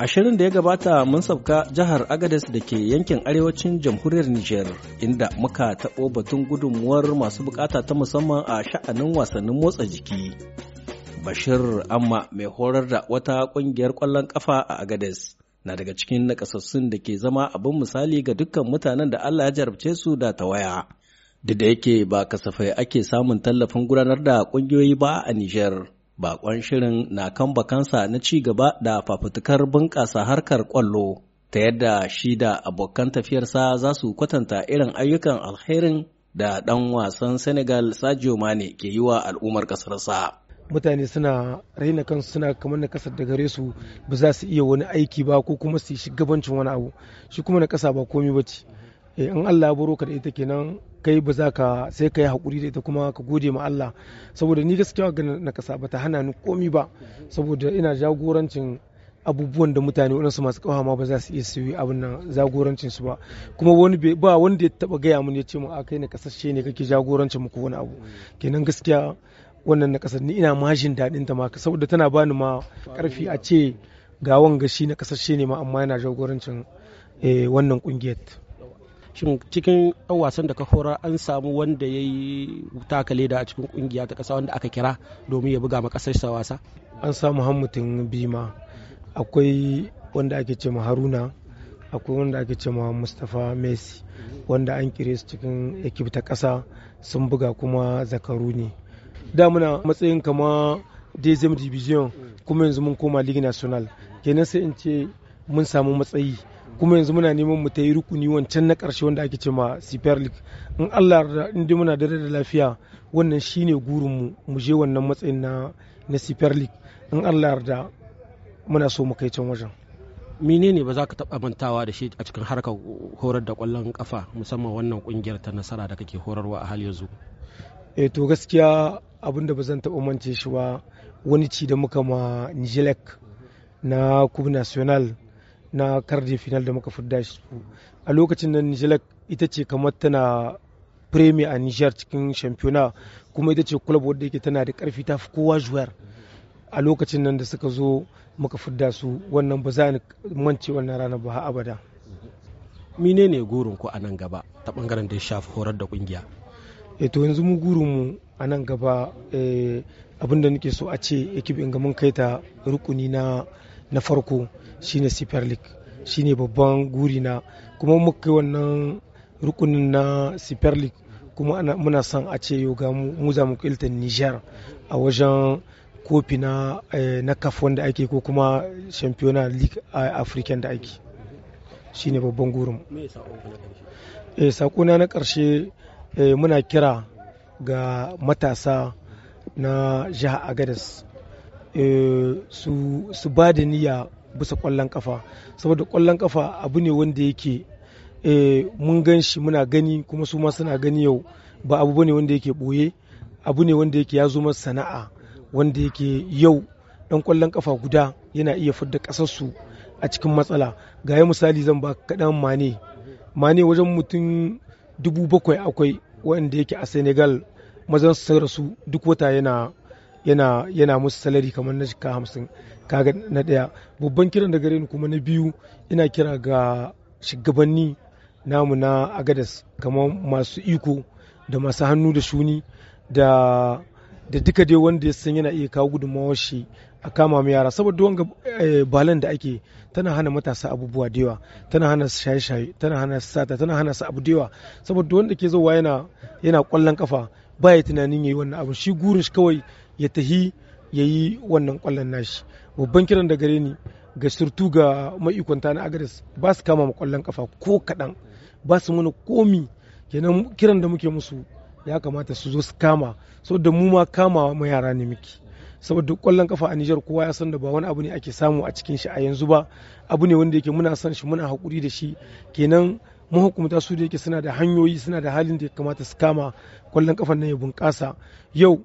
A shirin da ya gabata mun sauka jihar agadez da ke yankin arewacin jamhuriyar Nijar, inda muka taɓo batun gudunmuwar masu bukata ta musamman a sha'anin wasannin motsa jiki bashir amma mai horar da wata ƙungiyar ƙwallon ƙafa a agadez na daga cikin nakasassun da ke zama abin misali ga dukkan mutanen da allah ya jarabce su da tawaya duk da yake ba kasafai ake samun tallafin gudanar da ƙungiyoyi ba a Nijar. bakon shirin na kan bakansa na ci gaba da fafutukar bunƙasa harkar kwallo ta yadda shi da abokan tafiyarsa za su kwatanta irin ayyukan alherin da ɗan wasan Senegal Sadio Mane ke yi wa al'ummar ƙasarsa. mutane suna raina kansu suna kamar na kasar da gare su ba za su iya wani aiki ba ko kuma su yi gabancin wani abu shi kuma na kasa ba komi ba ce Eh, in Allah ya baro ka da ita kenan kai ba za ka sai ka yi haƙuri da ita kuma ka gode ma Allah saboda ni gaskiya ga na kasa ba ta hana ni komi ba saboda ina jagorancin abubuwan da mutane waɗansu masu ƙawa ma ba za su iya su yi abin nan jagorancin su ba kuma wani ba wanda ya taɓa gaya mun ya ce mu a kai na kasashe ne kake jagorancin muku wani abu kenan gaskiya wannan na kasar ni ina majin daɗin ta ma saboda tana bani ma ƙarfi a ce ga wanga shi na kasashe ne ma amma yana jagorancin eh, wannan ƙungiyar. shin cikin ɗan wasan da ka horar an samu wanda ya yi taka leda a cikin ƙungiya ta ƙasa wanda aka kira domin ya buga ma sa wasa an samu hammutin bima akwai wanda ake ce ma haruna akwai wanda ake ce ma mustapha messi wanda an kire su cikin ekip ta ƙasa sun buga kuma zakaru ne da muna matsayin kama dezem division kuma yanzu mun koma league national kenan sai in ce mun samu matsayi kuma yanzu muna neman mu ta yi rukuni wancan na karshe wanda ake cewa super league in allah yarda in muna da lafiya wannan shine gurin mu mu je wannan matsayin na na super league in allah yarda muna so mu kai can wajen menene ba za ka taɓa mantawa da shi a cikin harkar horar da kwallon kafa musamman wannan kungiyar ta nasara da kake horarwa a hal yanzu eh to gaskiya abin da ba zan taɓa mance shi ba wani ci da muka ma nijilek na kub national na karde final da muka fidda shi a lokacin nan nijelak ita ce kamar tana premier a nijar cikin shampiyona kuma ita ce club wadda yake tana da karfi ta fi kowa juwar a lokacin nan da suka zo muka fudda su wannan ba za wannan rana ba abada mine ne gurin ku a nan gaba ta bangaren da ya shafi horar da kungiya e eh to yanzu mu gurin mu a nan gaba eh, abinda nake so a ce ekip ga mun kai ta rukuni na na farko shine super league shine babban guri na kuma muka wannan rukunin na super league kuma muna son a ce yau ga mu za mu kilta niger a wajen kofi na eh, na kaf wanda ake ko kuma championa league eh, african da ake shine babban gurin e, sakona na karshe eh, muna kira ga matasa na jihar agadas Eh, su ba da niyya bisa kwallon kafa saboda kwallon kafa abu ne wanda yake eh, mun gan shi muna gani kuma su ma suna gani yau ba abu bane wanda yake boye abu ne wanda yake ya zo sana'a wanda yake yau dan kwallon kafa guda yana iya fidda kasarsu a cikin matsala ga ya misali zan ba kaɗan mane mane wajen mutum dubu bakwai akwai wanda yake a senegal mazan su rasu duk wata yana yana yana musu salari kamar na shika hamsin kaga na ɗaya babban kiran da gare ni kuma na biyu ina kira ga shugabanni namu na agadas kamar masu iko da masu hannu da shuni da da duka dai wanda ya san yana iya kawo gudunmawar shi a kama mu yara saboda wanga eh, balan da ake tana hana matasa abubuwa da yawa tana hana shaye-shaye tana hana sata tana hana su abu da yawa saboda wanda ke zowa yana yana kwallon kafa ba ya tunanin yayi wannan abu shi gurin shi kawai ya tahi ya yi wannan kwallon nashi babban kiran da gare ni ga surtu ga ma'ikonta na agadas ba su kama kwallon kafa ko kaɗan ba su mana komi kenan kiran da muke musu ya kamata su zo su kama saboda mu ma kama ma yara ne muke saboda kwallon kafa a Nijar kowa ya san da ba wani abu ne ake samu a cikin shi a yanzu ba abu ne wanda yake muna son shi muna hakuri da shi kenan mahukumta su da yake suna da hanyoyi suna da halin da ya kamata su kama kwallon kafan nan ya bunƙasa yau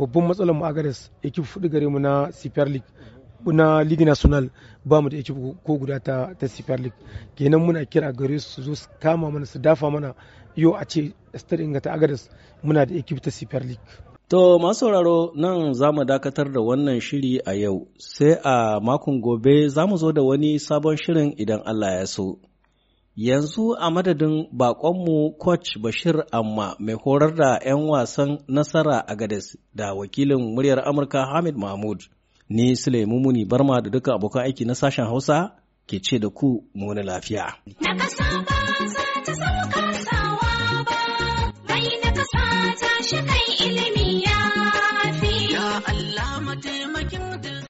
babban matsalar mu agares ekip fudu gare mu na super league na league national ba mu da ekip ko guda ta ta super league kenan muna kira gare su zo su kama mana su dafa mana yau a ce stade inga ta agares muna da ekip ta super league To masu sauraro nan za mu dakatar da wannan shiri a yau, sai a makon gobe za mu zo da wani sabon shirin idan Allah ya so. Yanzu a madadin bakonmu Coach Bashir Amma mai horar da 'yan wasan nasara a Gades da wakilin muryar Amurka Hamid Mahmud. Ni Sulaimu Muni Barma da duka abokan aiki na sashen Hausa ke ce da ku muni lafiya. Na ilimi.